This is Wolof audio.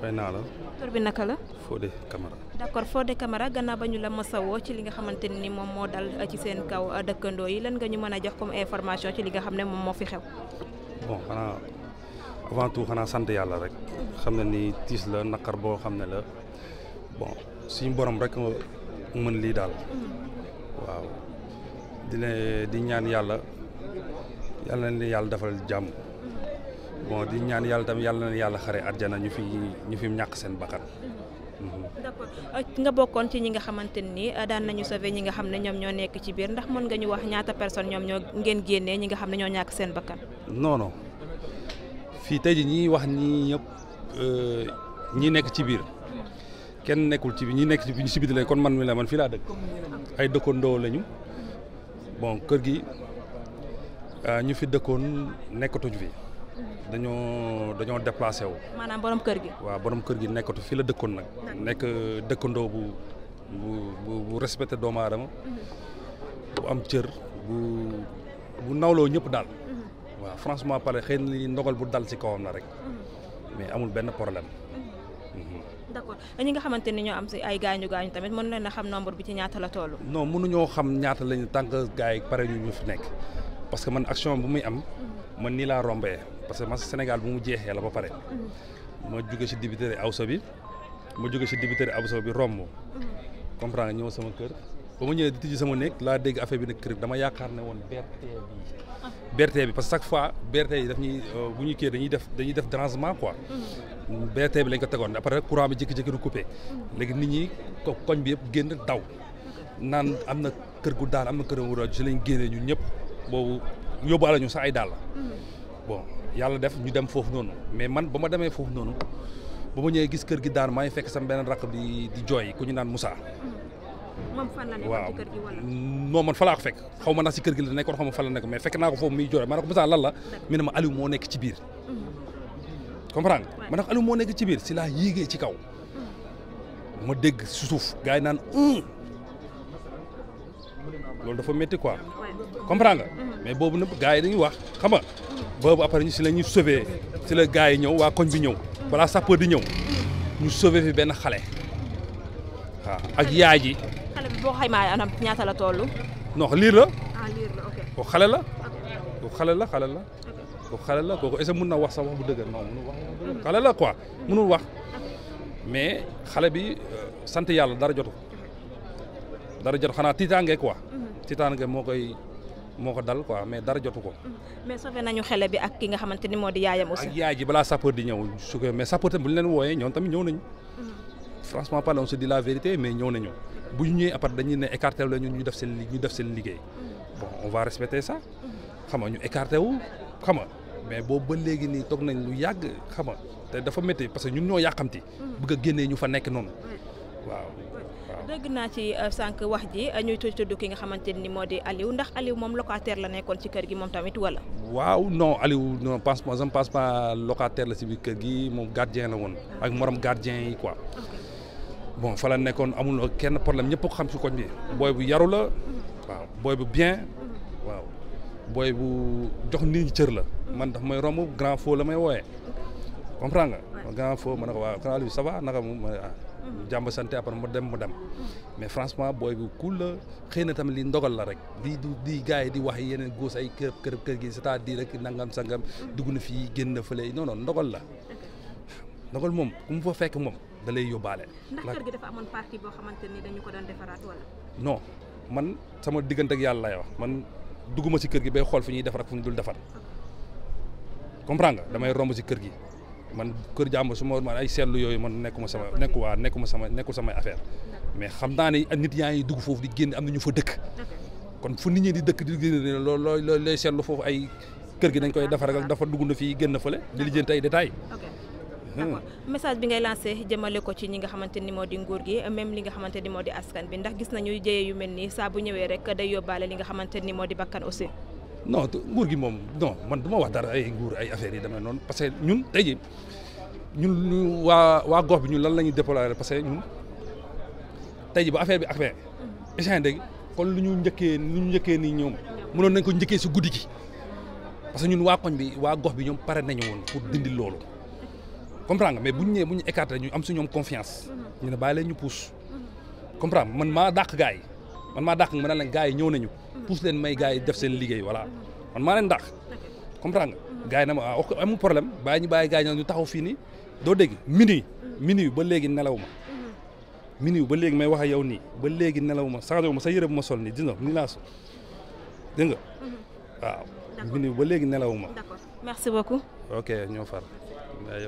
fay naa la. tur bi naka la. Fodé Camara. d' accord Fodé Camara gannaaw ba ñu la mosawoo ci li nga xamante ni moom moo dal ci seen kaw euh, dëkkandoo yi leen nga ñu mën a jox comme information ci li nga xam ne moom moo fi xew. bon xanaa avant tout xanaa sant yàlla rek. xam ne ni tiis la naqar boo xam ne la bon suñu borom rek mën lii daal. Mm-hmm. waaw di di ñaan yàlla yàlla na yàlla defal jàmm. bon di ñaan yàlla tamit yàlla na yàlla xare àjjana ñu fi ñu fi ñàkk seen bakkan. Mhm. d'accord nga bokkoon ci ñi nga xamante ni euh, daan nañu sauver ñi nga xam ne ñoom ñoo nekk ci biir ndax mën nga ñu wax ñaata personne ñoom ñoo ngeen génnee ñi nga xam ne ñoo ñàkk seen bakkan. non fii tey ji ñi wax ñii ñëpp euh, ñi nekk ci biir kenn nekkul ci biir ñi nekk ci biir ci biir la kon man mi la man fii laa dëkk ay dëkkandoo lañu bon kër gi euh, ñu fi dëkkoon nekkatuñu fi. dañoo dañoo déplacé wu. maanaam borom kër gi. waaw borom kër gi nekkatu fi la dëkkoon nag. nekk dëkkandoo bu bu bu respecté doomu adama bu am cër bu bu nawloo ñëpp daal. Mhm. waaw francement parler xëy na li ndogal bu dal ci kawam la rek. Mhm. mais amul benn problème. Mhm. d'accord ñi nga xamante ni ñoo am si ay gaañu gaañu tamit mën leen a xam nombre bi ci ñaata la toll. noo mënuñoo xam ñaata lañu tant que gars yi pare ñu ñu fi nekk. parce que man action bu muy am man nii laa rombee parce que man Sénégal bu mu jeexee la ba pare ma jóge ci dibiteri awso bi ma jóge ci dibiteri awso bi romb comprendre ñëw sama kër ba ma ñëwee di tijji sama néeg laa dégg affaire bi nag kër dama yaakaar ne woon BRT bi BRT bi parce que chaque fois BRT yi daf ñuy euh, bu ñuy kii dañuy def dañuy def dérangement quoi BRT bi lañ ko tegoon après courant bi jékki-jékki du coupé léegi nit ñi ko koñ bi yëpp génn daw naan am na kër gu daan am na kër gu daal lañ génnee ñun ñëpp boobu yóbbaale ñu sax ay dàll. Mhm. bon yàlla def ñu dem foofu noonu mais man ba ma demee foofu noonu ba ma ñëwee gis kër gi daan maa ngi fekk sama beneen rakk di di jooy ku ñu naan musaa mhm. waaw moom man fa laa ko fekk xaw ma naa si kër gi la nekkoon xaw ma fal la nekkoon mais fekk naa ko foofu muy jooy ma ne ko Moussa lan la. mi ma Aliou moo nekk ci biir. Mhm. comprendre nga ma ne ko Aliou moo nekk ci biir si laa yéegee ci kaw. ma dégg suuf gars yi naan loolu dafa métti quoi comprendre nga mhm. mais boobu nag gars yi dañuy wax xam nga mhm. boobu après ñu si la ñuy sauvé si la gars yi ñëw waa koñ bi ñëw balaa sapeur di ñëw mhm. ñu sauvé fi benn xale waaw ak yaay ji. xale bi la toll. non liir la. ah xale la. kooku xale la xale la. xale la kooku mun na wax sax wax bu dëgër noonu munul wax xale la quoi munul wax mais xale bi euh, sant yàlla dara jotu dara jotu xanaa tiitaange quoi. titaan ga moo koy moo ko dal quoi mais dara jotu ko. mais sauvé nañu xele bi ak ki nga xamante ni moo di yaayam aussi. ak yaay ji balaa sapeur di ñëw su ko mais sapeur tamit bu ñu leen wooyee ñoom tamit ñëw nañu. Mm-hmm. franchement parlant on se dit la vérité mais ñëw nañu bu ñu ñëwee après ne écarté la ñu def seen liggéey. Mm-hmm. bon on va respecter ça. Mm-hmm. xam ñu écarté wu xam nga mais boobu ba léegi nii toog nañ lu yàgg xam nga te dafa métti parce que ñun ñoo yàqamti. bëgg a génnee ñu fa nekk noonu dëgg naa ci euh, sànq wax ji euh, ñuy tudd ki nga xamante ni moo di Aliou ndax Aliou moom locataire la nekkoon ci kër gi moom tamit wala. waaw non Aliou non pense pas je ne pense pas locataire la si biir kër gi moom gardien la woon. ak morom gardien yi quoi. bon fa la nekkoon amuloo kenn problème ñëpp ko xam si koñ bi. booy bu yaru la. waaw booy bu bien. waaw booy bu jox nit ñi cër la. man daf may romb grand faux la may wooyee. comprends nga. grand faux ma ne ko waaw grand Mhm. jàmb sant après mu dem mu dem mhm. mais franchement booy bu cool la xëy na tamit li ndogal la rek di du di gars di wax yeneen góos ay kër kër kër gi c'est-à-dire rek nangam sangam mhm. dugg na fii génn na fële non ndogal la ndogal moom ku mu fa fekk moom dalay yóbbaale. ndax kër gi dafa amoon partie boo xamante ni dañu ko doon defaraat wala. non man sama diggante ak yàlla lay wax man dugguma si kër gi bay xool fu ñuy defar ak fu ñu dul defar comprends nga damay romb si kër gi. man kër jàmbur su ma man ay seetlu yooyu man nekkuma sama nekku waa nekkuma sama nekkul samay affaire mais xam naa ne nit yaa ngi dugg foofu di génn am na ñu fa dëkk kon fu nit ñi di dëkk di génn loolu looy looy looy seetlu foofu ay kër gi dañ koy defaral dafa dugg na fii génn fële di lijjanti ay détails hmm. d'accord message bi ngay lancé jëmale ko ci ñi nga xamante ni moo di nguur gi même li nga xamante ni moo di askan bi ndax gis nañu jëye yu mel nii saa bu ñëwee rek day yóbbaale li nga xamante ni moo di bakkan aussi non nguur gi moom non man duma wax dara ay nguur ay affaires yi demee noonu parce que ñun tey jii ñun ñu waa waa gox bi ñun lan la ñuy déplorer parce que ñun tey jii affaire bi affaire échange dégg kon lu ñu njëkkee lu ñu njëkkee nii ñoom mënoon nañ ko njëkkee si guddi gi parce que ñun waa koñ bi waa gox bi ñoom pare nañu woon pour dindi loolu comprendre nga mais bu ñu ñëwee bu ñu écarté ñu am su ñoom confiance ñu ne bàyyi leen ñu pousse comprendre man maa dàq gars yi man maa dàq nga ma ne leen gars yi ñëw nañu pousse leen may gars yi def seen liggéey voilà man maa leen dàq comprendre nga gars yi na ma ah ok amul problème bàyyi ñu bàyyi gars yi ñu taxaw fii nii doo dégg minuit minuit ba léegi nelaw ma minuit ba léegi may wax yow nii ba léegi nelaw ma changé ma sa yëre bu ma sol nii dina nii laa sol dégg nga mhm. waaw minuit ba léegi nelaw ma d'accord merci beaucoup ok ñoo